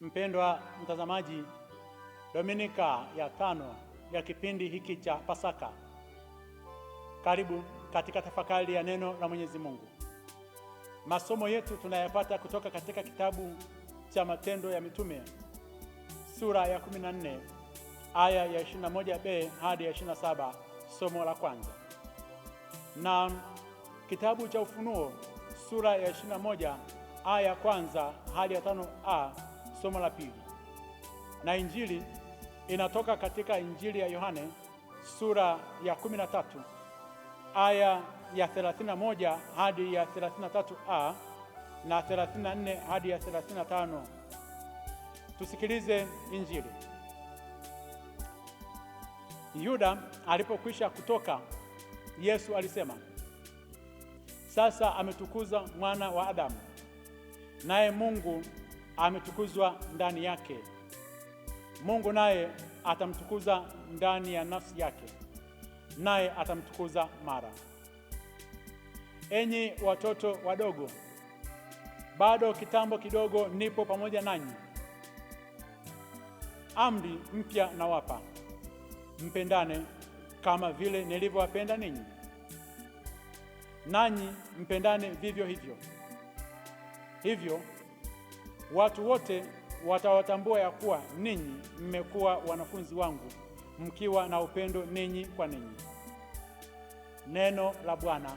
Mpendwa mtazamaji, Dominika ya tano ya kipindi hiki cha Pasaka, karibu katika tafakari ya neno la Mwenyezi Mungu. Masomo yetu tunayapata kutoka katika kitabu cha Matendo ya Mitume sura ya 14 aya ya 21b hadi ya 27, somo la kwanza, na kitabu cha Ufunuo sura ya 21 aya ya kwanza hadi ya 5a Somo la pili na injili inatoka katika Injili ya Yohane sura ya 13 aya ya 31 hadi ya 33a na 34 hadi ya 35. Tusikilize Injili. Yuda alipokwisha kutoka, Yesu alisema, sasa ametukuza mwana wa Adamu, naye Mungu ametukuzwa ndani yake, Mungu naye atamtukuza ndani ya nafsi yake, naye atamtukuza mara. Enyi watoto wadogo, bado kitambo kidogo nipo pamoja nanyi. Amri mpya nawapa, mpendane kama vile nilivyowapenda ninyi, nanyi mpendane vivyo hivyo. Hivyo Watu wote watawatambua ya kuwa ninyi mmekuwa wanafunzi wangu mkiwa na upendo ninyi kwa ninyi. Neno la Bwana.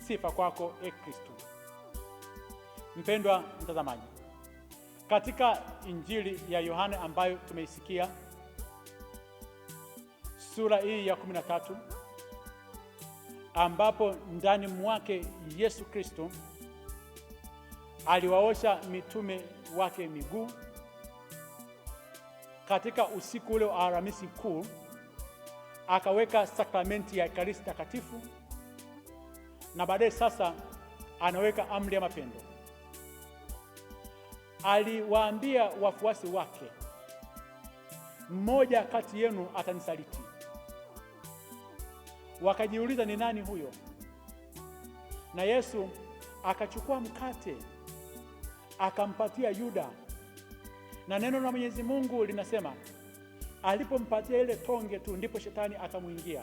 Sifa kwako e Kristo. Mpendwa mtazamaji, katika Injili ya Yohane ambayo tumeisikia sura hii ya kumi na tatu ambapo ndani mwake Yesu Kristo aliwaosha mitume wake miguu katika usiku ule wa Alhamisi Kuu, akaweka sakramenti ya Ekaristi Takatifu, na baadaye sasa anaweka amri ya mapendo. Aliwaambia wafuasi wake, mmoja kati yenu atanisaliti. Wakajiuliza, ni nani huyo? Na Yesu akachukua mkate akampatia Yuda, na neno la Mwenyezi Mungu linasema alipompatia ile tonge tu ndipo shetani akamwingia.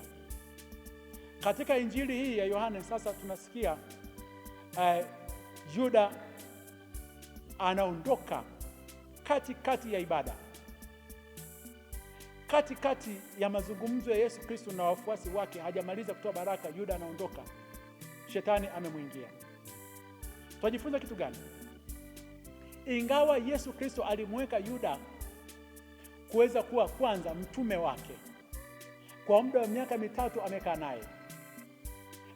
Katika injili hii ya Yohane sasa tunasikia uh, Yuda anaondoka katikati kati ya ibada, katikati kati ya mazungumzo ya Yesu Kristo na wafuasi wake. Hajamaliza kutoa baraka, Yuda anaondoka, shetani amemwingia. Tunajifunza kitu gani? Ingawa Yesu Kristo alimweka Yuda kuweza kuwa kwanza mtume wake, kwa muda wa miaka mitatu amekaa naye,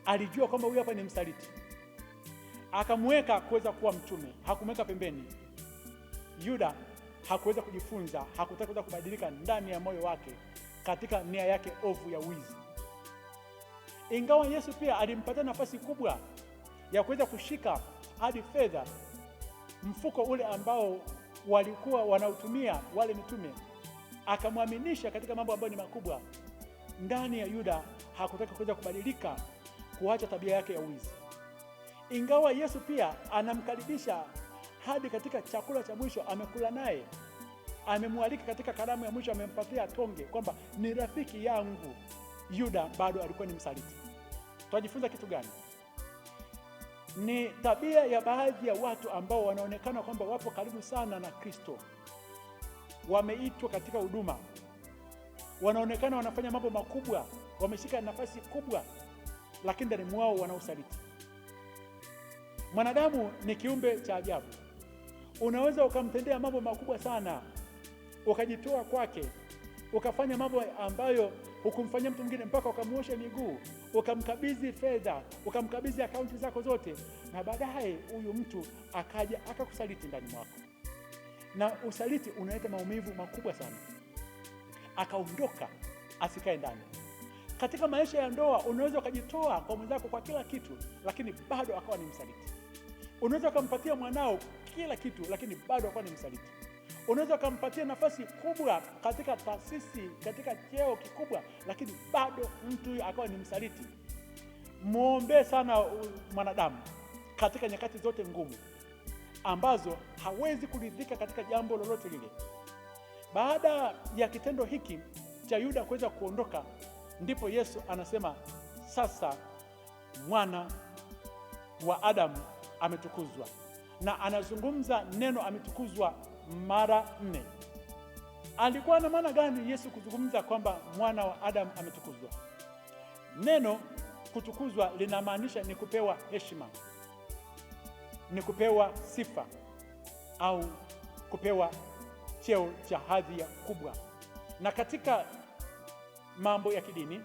alijua kwamba huyu hapa ni msaliti, akamweka kuweza kuwa mtume, hakumweka pembeni. Yuda hakuweza kujifunza, hakutaka kuweza kubadilika ndani ya moyo wake katika nia yake ovu ya wizi. Ingawa Yesu pia alimpatia nafasi kubwa ya kuweza kushika hadi fedha mfuko ule ambao walikuwa wanautumia wale mitume, akamwaminisha katika mambo ambayo ni makubwa. Ndani ya Yuda hakutaka kuweza kubadilika, kuacha tabia yake ya wizi, ingawa Yesu pia anamkaribisha hadi katika chakula cha mwisho, amekula naye, amemwalika katika karamu ya mwisho, amempatia tonge kwamba ni rafiki yangu. Yuda bado alikuwa ni msaliti. Tunajifunza kitu gani? Ni tabia ya baadhi ya watu ambao wanaonekana kwamba wapo karibu sana na Kristo, wameitwa katika huduma, wanaonekana wanafanya mambo makubwa, wameshika nafasi kubwa, lakini ndani mwao wana usaliti. Mwanadamu ni kiumbe cha ajabu. Unaweza ukamtendea mambo makubwa sana, ukajitoa kwake, ukafanya mambo ambayo ukumfanyia mtu mwingine mpaka ukamwosha miguu, ukamkabidhi fedha, ukamkabidhi akaunti zako zote, na baadaye huyu mtu akaja akakusaliti ndani mwako, na usaliti unaleta maumivu makubwa sana. Akaondoka, asikae ndani. Katika maisha ya ndoa unaweza ukajitoa kwa mwenzako kwa kila kitu, lakini bado akawa ni msaliti. Unaweza ukampatia mwanao kila kitu, lakini bado akawa ni msaliti unaweza ukampatia nafasi kubwa katika taasisi, katika cheo kikubwa, lakini bado mtu huyo akawa ni msaliti. Mwombee sana mwanadamu katika nyakati zote ngumu ambazo hawezi kuridhika katika jambo lolote lile. Baada ya kitendo hiki cha Yuda kuweza kuondoka, ndipo Yesu anasema sasa mwana wa Adamu ametukuzwa, na anazungumza neno ametukuzwa mara nne. Alikuwa na maana gani Yesu kuzungumza kwamba mwana wa Adamu ametukuzwa? Neno kutukuzwa linamaanisha ni kupewa heshima, ni kupewa sifa au kupewa cheo cha hadhi ya kubwa. Na katika mambo ya kidini,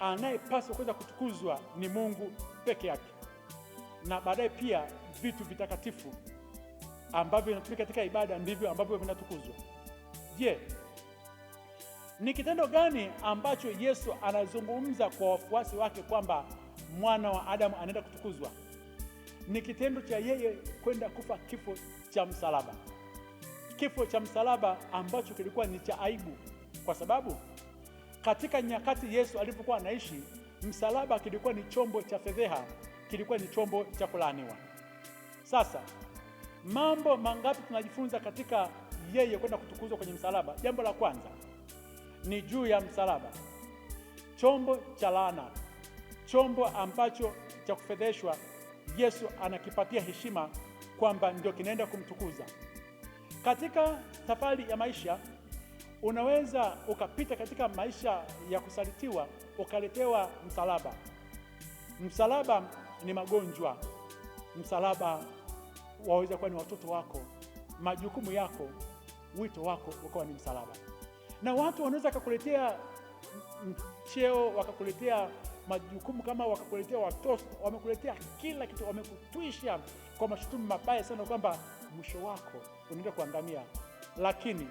anayepaswa kuweza kutukuzwa ni Mungu peke yake, na baadaye pia vitu vitakatifu ambavyo vinatumika katika ibada ndivyo ambavyo vinatukuzwa. Je, ni kitendo gani ambacho Yesu anazungumza kwa wafuasi wake kwamba mwana wa Adamu anaenda kutukuzwa? Ni kitendo cha yeye kwenda kufa kifo cha msalaba, kifo cha msalaba ambacho kilikuwa ni cha aibu, kwa sababu katika nyakati Yesu alipokuwa anaishi, msalaba kilikuwa ni chombo cha fedheha, kilikuwa ni chombo cha kulaaniwa. Sasa Mambo mangapi tunajifunza katika yeye kwenda kutukuzwa kwenye msalaba? Jambo la kwanza ni juu ya msalaba, chombo cha laana, chombo ambacho cha kufedheshwa. Yesu anakipatia heshima kwamba ndio kinaenda kumtukuza. Katika safari ya maisha unaweza ukapita katika maisha ya kusalitiwa, ukaletewa msalaba. Msalaba ni magonjwa, msalaba waweza kuwa ni watoto wako, majukumu yako, wito wako ukawa ni msalaba. Na watu wanaweza wakakuletea mcheo, wakakuletea majukumu kama, wakakuletea watoto, wamekuletea kila kitu, wamekutwisha kwa mashutumu mabaya sana, kwamba mwisho wako unaenda kuangamia. Lakini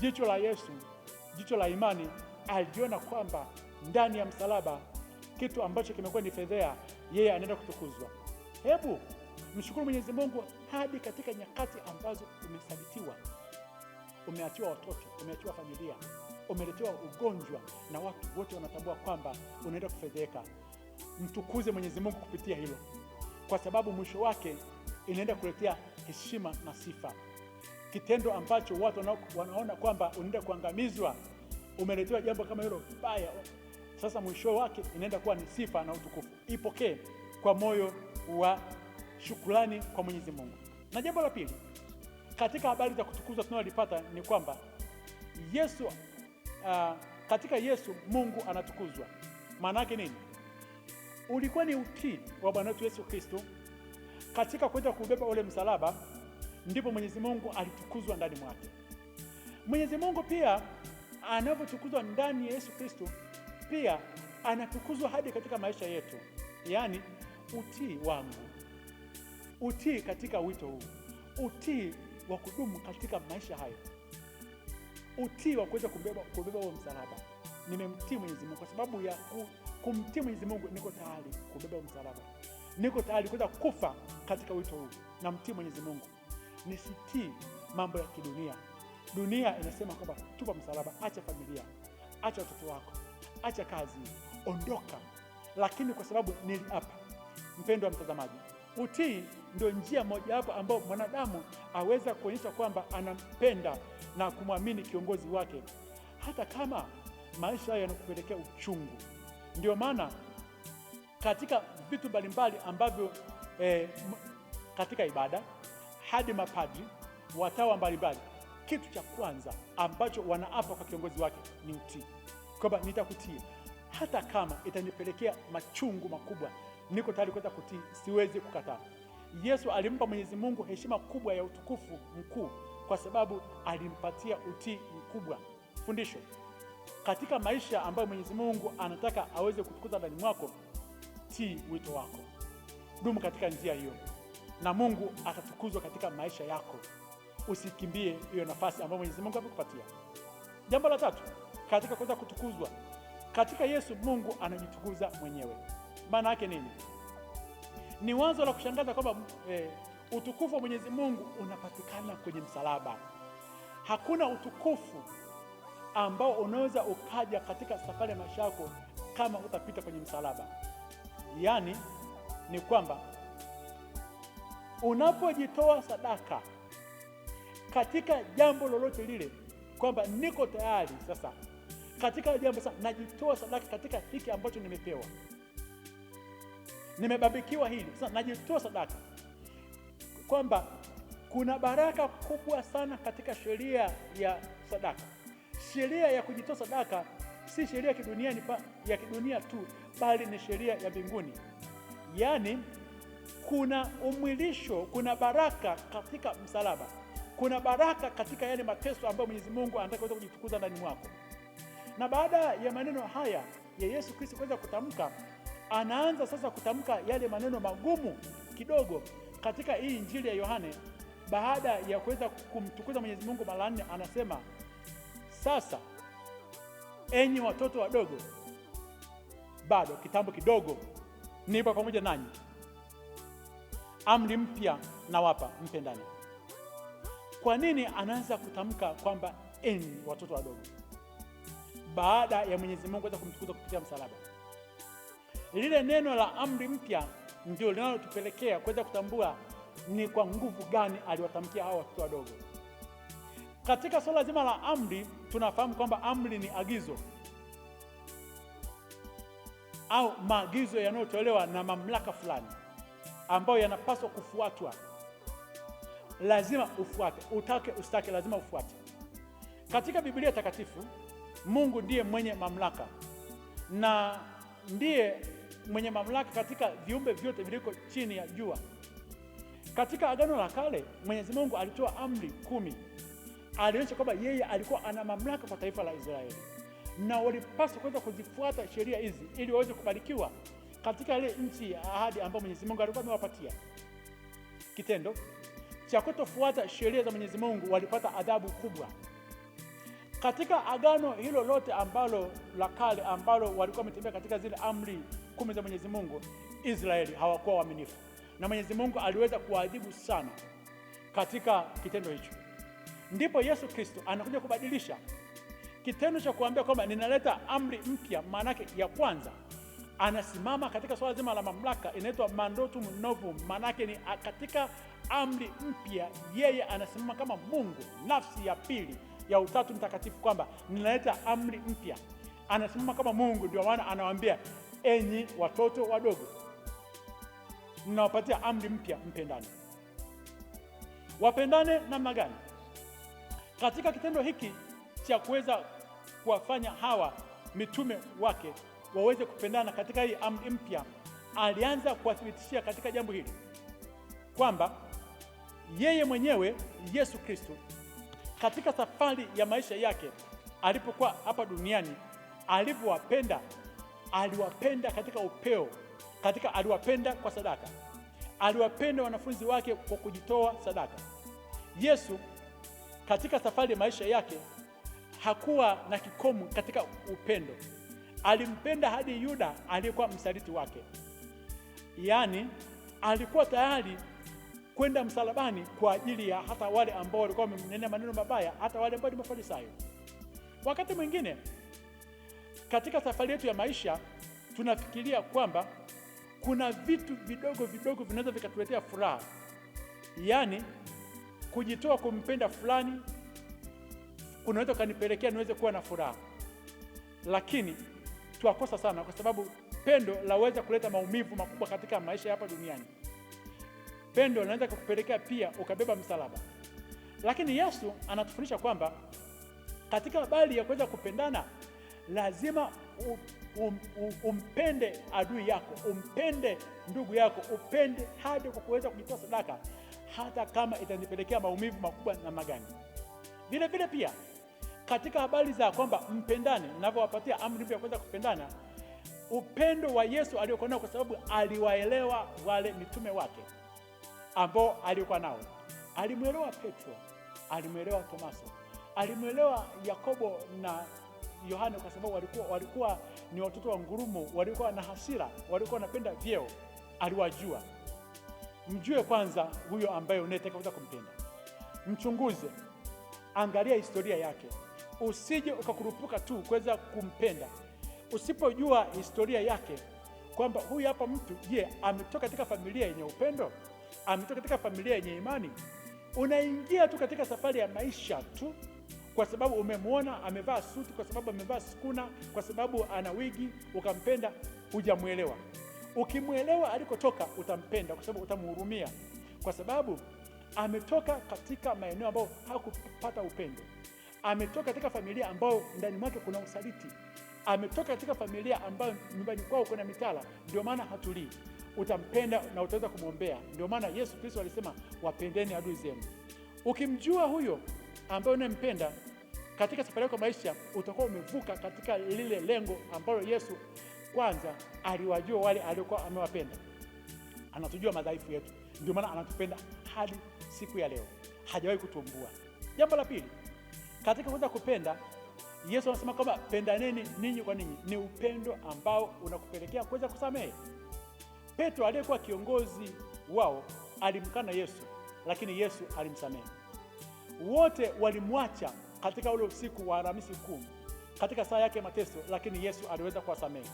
jicho la Yesu, jicho la imani, aliona kwamba ndani ya msalaba kitu ambacho kimekuwa ni fedhea, yeye anaenda kutukuzwa. Hebu Mshukuru Mwenyezi Mungu hadi katika nyakati ambazo umesalitiwa, umeachiwa watoto, umeachiwa familia, umeletewa ugonjwa na watu wote wanatambua kwamba unaenda kufedheka. Mtukuze Mwenyezi Mungu kupitia hilo, kwa sababu mwisho wake inaenda kuletea heshima na sifa. Kitendo ambacho watu wanaona kwamba unaenda kuangamizwa, umeletewa jambo kama hilo baya, sasa mwisho wake inaenda kuwa ni sifa na utukufu. Ipokee kwa moyo wa shukrani kwa Mwenyezi Mungu. Na jambo la pili katika habari za kutukuzwa tunalipata ni kwamba Yesu uh, katika Yesu Mungu anatukuzwa. Maana yake nini? Ulikuwa ni utii wa Bwana wetu Yesu Kristo katika kwenda kubeba ule msalaba, ndipo Mwenyezi Mungu alitukuzwa ndani mwake. Mwenyezi Mungu pia anavyotukuzwa ndani ya Yesu Kristo, pia anatukuzwa hadi katika maisha yetu, yaani utii wangu utii katika wito huu, utii wa kudumu katika maisha hayo, utii wa kuweza kubeba kubeba huo msalaba. Nimemtii Mwenyezi Mungu kwa sababu ya ku, kumtii Mwenyezi Mungu, niko tayari kubeba msalaba, niko tayari kuweza kufa katika wito huu. Namtii Mwenyezi Mungu, nisitii mambo ya kidunia. Dunia inasema kwamba tupa msalaba, acha familia, acha watoto wako, acha kazi, ondoka. Lakini kwa sababu niliapa, mpendwa mtazamaji, utii ndio njia mojawapo ambayo mwanadamu aweza kuonyesha kwamba anampenda na kumwamini kiongozi wake, hata kama maisha hayo yanakupelekea uchungu. Ndio maana katika vitu mbalimbali ambavyo eh, katika ibada hadi mapadri, watawa mbalimbali, kitu cha kwanza ambacho wanaapa kwa kiongozi wake ni utii, kwamba nitakutii hata kama itanipelekea machungu makubwa, niko tayari kuweza kutii, siwezi kukataa. Yesu alimpa Mwenyezi Mungu heshima kubwa ya utukufu mkuu kwa sababu alimpatia utii mkubwa. Fundisho katika maisha ambayo Mwenyezi Mungu anataka aweze kutukuza ndani mwako, tii wito wako, dumu katika njia hiyo, na Mungu atatukuzwa katika maisha yako. Usikimbie hiyo nafasi ambayo Mwenyezi Mungu amekupatia. Jambo la tatu katika kuweza kutukuzwa katika Yesu, Mungu anajitukuza mwenyewe. Maana yake nini? Ni wazo la kushangaza kwamba eh, utukufu wa Mwenyezi Mungu unapatikana kwenye msalaba. Hakuna utukufu ambao unaweza ukaja katika safari ya maisha yako kama utapita kwenye msalaba. Yaani ni kwamba unapojitoa sadaka katika jambo lolote lile, kwamba niko tayari sasa katika jambo sasa, najitoa sadaka katika hiki ambacho nimepewa nimebambikiwa hili, sasa najitoa sadaka, kwamba kuna baraka kubwa sana katika sheria ya sadaka. Sheria ya kujitoa sadaka si sheria ya kidunia, ya kidunia tu, bali ni sheria ya mbinguni. Yaani kuna umwilisho, kuna baraka katika msalaba, kuna baraka katika yale mateso ambayo Mwenyezi Mungu anataka uweze kujitukuza ndani mwako. Na baada ya maneno haya ya Yesu Kristo kuweza kutamka anaanza sasa kutamka yale maneno magumu kidogo katika hii Injili ya Yohane. Baada ya kuweza kumtukuza Mwenyezi Mungu mara nne, anasema sasa, enyi watoto wadogo, bado kitambo kidogo nipo pamoja nanyi, amri mpya na wapa mpendane. Kwa nini anaanza kutamka kwamba enyi watoto wadogo, baada ya Mwenyezi Mungu kuweza kumtukuza kupitia msalaba? lile neno la amri mpya ndio linalotupelekea kuweza kutambua ni kwa nguvu gani aliwatamkia hawa watoto wadogo. Katika suala zima la amri, tunafahamu kwamba amri ni agizo au maagizo yanayotolewa na mamlaka fulani ambayo yanapaswa kufuatwa. Lazima ufuate, utake ustake, lazima ufuate. Katika Biblia Takatifu, Mungu ndiye mwenye mamlaka na ndiye mwenye mamlaka katika viumbe vyote viliko chini ya jua. Katika Agano la Kale Mwenyezi Mungu alitoa amri kumi, alionyesha kwamba yeye alikuwa ana mamlaka kwa taifa la Israeli na walipaswa kuweza kuzifuata sheria hizi ili waweze kubarikiwa katika ile nchi ya ahadi ambayo Mwenyezi Mungu alikuwa amewapatia. Kitendo cha kutofuata sheria za Mwenyezi Mungu walipata adhabu kubwa katika agano hilo lote ambalo la kale ambalo walikuwa wametembea katika zile amri kumi za Mwenyezi Mungu, Israeli hawakuwa waaminifu, na Mwenyezi Mungu aliweza kuwaadhibu sana katika kitendo hicho. Ndipo Yesu Kristo anakuja kubadilisha kitendo cha kuambia kwamba ninaleta amri mpya. Maanake ya kwanza anasimama katika swala zima la mamlaka, inaitwa mandatum novum, maanake ni katika amri mpya, yeye anasimama kama Mungu, nafsi ya pili ya Utatu Mtakatifu kwamba ninaleta amri mpya. Anasimama kama Mungu, ndio maana anawaambia enyi watoto wadogo, ninawapatia amri mpya, mpendane. Wapendane namna gani? Katika kitendo hiki cha kuweza kuwafanya hawa mitume wake waweze kupendana katika hii amri mpya, alianza kuwathibitishia katika jambo hili kwamba yeye mwenyewe Yesu Kristo katika safari ya maisha yake alipokuwa hapa duniani, alivyowapenda aliwapenda katika upeo, katika aliwapenda kwa sadaka, aliwapenda wanafunzi wake kwa kujitoa sadaka. Yesu katika safari ya maisha yake hakuwa na kikomo katika upendo. Alimpenda hadi Yuda aliyekuwa msaliti wake, yaani alikuwa tayari kwenda msalabani kwa ajili ya hata wale ambao walikuwa wamemnenea maneno mabaya, hata wale ambao ni Mafarisayo. Wakati mwingine katika safari yetu ya maisha tunafikiria kwamba kuna vitu vidogo vidogo vinaweza vikatuletea furaha, yaani kujitoa kumpenda fulani kunaweza ukanipelekea niweze kuwa na furaha, lakini twakosa sana, kwa sababu pendo laweza kuleta maumivu makubwa katika maisha hapa duniani pendo linaweza kukupelekea pia ukabeba msalaba. Lakini Yesu anatufundisha kwamba katika habari ya kuweza kupendana lazima um, um, um, umpende adui yako, umpende ndugu yako, upende hadi kwa kuweza kujitoa sadaka, hata kama itanipelekea maumivu makubwa na magani Vile vile pia katika habari za kwamba mpendane, ninavyowapatia amri ya kuweza kupendana, upendo wa Yesu aliokuwa nao, kwa sababu aliwaelewa wale mitume wake ambao alikuwa nao. Alimwelewa Petro, alimwelewa Tomaso, alimwelewa Yakobo na Yohane kwa sababu walikuwa, walikuwa ni watoto wa ngurumo, walikuwa na hasira, walikuwa wanapenda vyeo. Aliwajua. Mjue kwanza huyo ambaye unayetaka kumpenda, mchunguze, angalia historia yake, usije ukakurupuka tu kuweza kumpenda usipojua historia yake, kwamba huyu hapa mtu, je, ametoka katika familia yenye upendo? ametoka katika familia yenye imani, unaingia tu katika safari ya maisha tu kwa sababu umemwona amevaa suti, kwa sababu amevaa sukuna, kwa sababu ana wigi, ukampenda. Hujamwelewa. Ukimwelewa alikotoka utampenda, kwa sababu utamhurumia, kwa sababu ametoka katika maeneo ambayo hakupata upendo, ametoka katika familia ambayo ndani mwake kuna usaliti, ametoka katika familia ambayo nyumbani kwao kuna mitala, ndio maana hatulii utampenda na utaweza kumwombea. Ndio maana Yesu Kristo alisema wapendeni adui zenu. Ukimjua huyo ambaye unampenda katika safari yako maisha, utakuwa umevuka katika lile lengo ambalo Yesu kwanza aliwajua wale aliokuwa amewapenda. Anatujua madhaifu yetu, ndio maana anatupenda hadi siku ya leo, hajawahi kutumbua. Jambo la pili, katika kuweza kupenda, Yesu anasema kwamba pendaneni ninyi kwa ninyi, ni upendo ambao unakupelekea kuweza kusamehe. Petro aliyekuwa kiongozi wao alimkana Yesu, lakini Yesu alimsamehe. Wote walimwacha katika ule usiku wa Alhamisi Kuu, katika saa yake ya mateso, lakini Yesu aliweza kuwasamehe.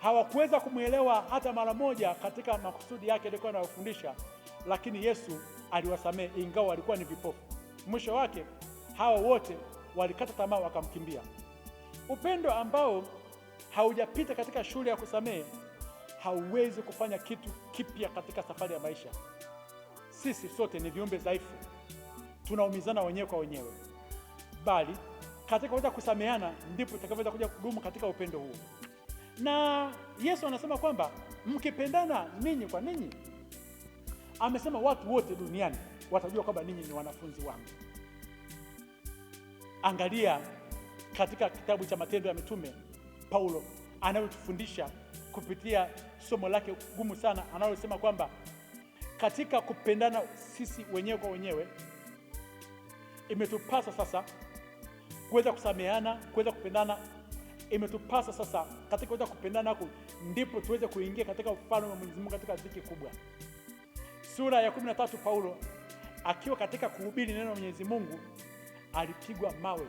Hawakuweza kumwelewa hata mara moja katika makusudi yake aliyokuwa anawafundisha, lakini Yesu aliwasamehe, ingawa walikuwa ni vipofu. Mwisho wake hawa wote walikata tamaa, wakamkimbia. Upendo ambao haujapita katika shule ya kusamehe hauwezi kufanya kitu kipya katika safari ya maisha. Sisi sote ni viumbe dhaifu, tunaumizana wenyewe kwa wenyewe, bali katika kuweza kusameheana ndipo tutakavyoweza kuja kudumu katika upendo huo Na Yesu anasema kwamba mkipendana ninyi kwa ninyi, amesema watu wote duniani watajua kwamba ninyi ni wanafunzi wangu. Angalia katika kitabu cha Matendo ya Mitume, Paulo anavyotufundisha kupitia somo lake gumu sana analosema kwamba katika kupendana sisi wenyewe kwa wenyewe imetupasa sasa kuweza kusameheana, kuweza kupendana. Imetupasa sasa katika kuweza kupendana huku ndipo tuweze kuingia katika ufalme wa Mwenyezi Mungu katika dhiki kubwa. Sura ya 13 Paulo akiwa katika kuhubiri neno la Mwenyezi Mungu alipigwa mawe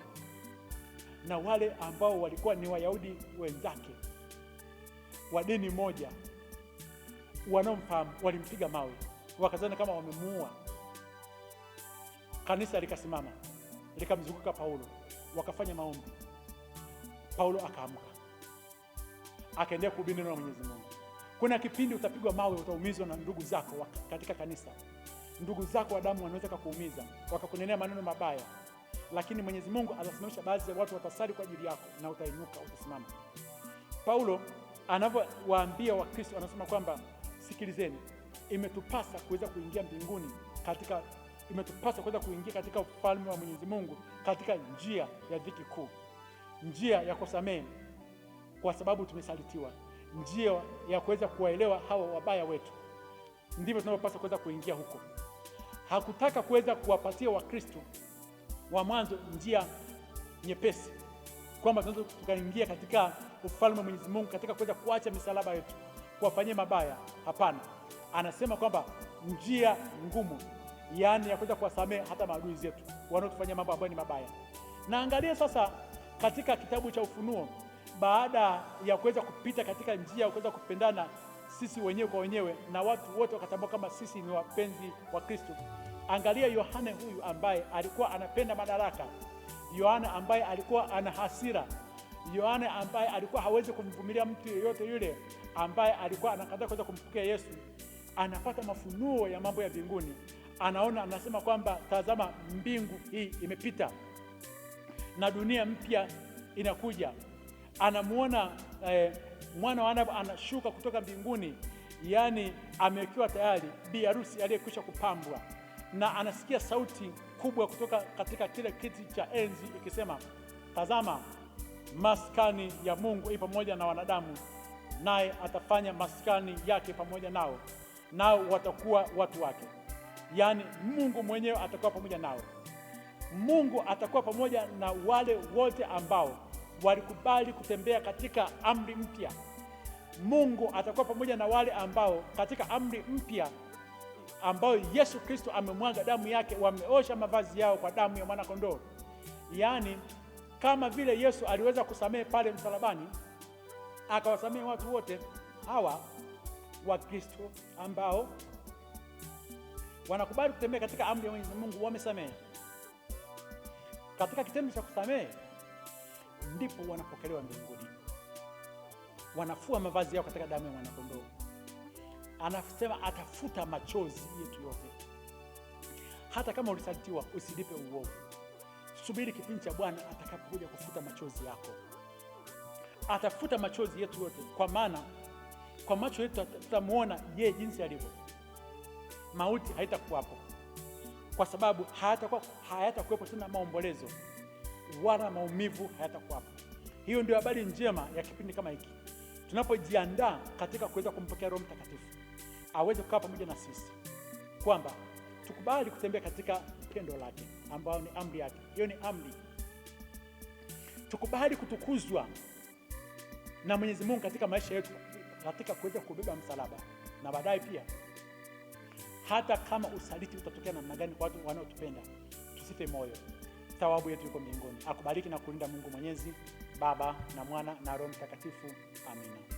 na wale ambao walikuwa ni Wayahudi wenzake wa dini moja wanaomfahamu walimpiga mawe, wakazana kama wamemuua. Kanisa likasimama likamzunguka Paulo, wakafanya maombi. Paulo akaamka, akaendelea kuhubiri neno la Mwenyezi Mungu. Kuna kipindi utapigwa mawe, utaumizwa na ndugu zako katika kanisa, ndugu zako wa damu wanaweza kakuumiza, wakakunenea maneno mabaya, lakini Mwenyezi Mungu atasimamisha baadhi ya watu, watasali kwa ajili yako na utainuka, utasimama. Paulo anavyowaambia Wakristo anasema kwamba sikilizeni, imetupasa kuweza kuingia mbinguni katika imetupasa kuweza kuingia katika ufalme wa Mwenyezi Mungu katika njia ya dhiki kuu, njia ya kusamehe kwa sababu tumesalitiwa, njia ya kuweza kuwaelewa hawa wabaya wetu. Ndivyo tunavyopasa kuweza kuingia huko. Hakutaka kuweza kuwapatia Wakristo wa mwanzo njia nyepesi kwamba tunaweza tukaingia katika ufalme wa Mwenyezi Mungu katika kuweza kuacha misalaba yetu kuwafanyia mabaya. Hapana, anasema kwamba njia ngumu, yaani ya kuweza kuwasamehe hata maadui zetu wanaotufanyia mambo ambayo ni mabaya. Na angalia sasa katika kitabu cha Ufunuo, baada ya kuweza kupita katika njia ya kuweza kupendana sisi wenyewe kwa wenyewe na watu wote wakatambua kama sisi ni wapenzi wa Kristo. Angalia Yohane huyu ambaye alikuwa anapenda madaraka, Yohana ambaye alikuwa ana hasira Yohane ambaye alikuwa hawezi kumvumilia mtu yeyote yule ambaye alikuwa anakataa kuweza kumpokea Yesu, anapata mafunuo ya mambo ya mbinguni, anaona, anasema kwamba tazama, mbingu hii imepita na dunia mpya inakuja. Anamuona eh, mwana wa Adamu anashuka kutoka mbinguni, yaani amewekewa tayari bi harusi aliyekwisha kupambwa, na anasikia sauti kubwa kutoka katika kile kiti cha enzi ikisema, tazama maskani ya Mungu i pamoja na wanadamu, naye atafanya maskani yake pamoja nao, nao watakuwa watu wake. Yaani Mungu mwenyewe atakuwa pamoja nao. Mungu atakuwa pamoja na wale wote ambao walikubali kutembea katika amri mpya. Mungu atakuwa pamoja na wale ambao katika amri mpya ambayo Yesu Kristo amemwaga damu yake, wameosha mavazi yao kwa damu ya mwana kondoo, yaani kama vile Yesu aliweza kusamehe pale msalabani, akawasamehe watu wote hawa Wakristo ambao wanakubali kutembea katika amri ya Mwenyezi Mungu wamesamehe. Katika kitendo cha kusamehe ndipo wanapokelewa mbinguni, wanafua mavazi yao katika damu ya mwanakondoo. Anasema atafuta machozi yetu yote. Hata kama ulisalitiwa, usilipe uovu subiri kipindi cha Bwana atakapokuja kufuta machozi yako. Atafuta machozi yetu yote, kwa maana kwa macho yetu tutamwona yeye jinsi alivyo. Mauti haitakuwapo kwa sababu hayatakuwa hayatakuwepo tena maombolezo wala maumivu hayatakuwapo. Hiyo ndio habari njema ya kipindi kama hiki, tunapojiandaa katika kuweza kumpokea Roho Mtakatifu aweze kukaa pamoja na sisi, kwamba tukubali kutembea katika pendo lake ambayo ni amri yake. Hiyo ni amri. Tukubali kutukuzwa na Mwenyezi Mungu katika maisha yetu, katika kuweza kubeba msalaba na baadaye pia, hata kama usaliti utatokea namna gani kwa watu wanaotupenda, tusife moyo. Thawabu yetu iko mbinguni. Akubariki na kulinda Mungu Mwenyezi, Baba na Mwana na Roho Mtakatifu. Amina.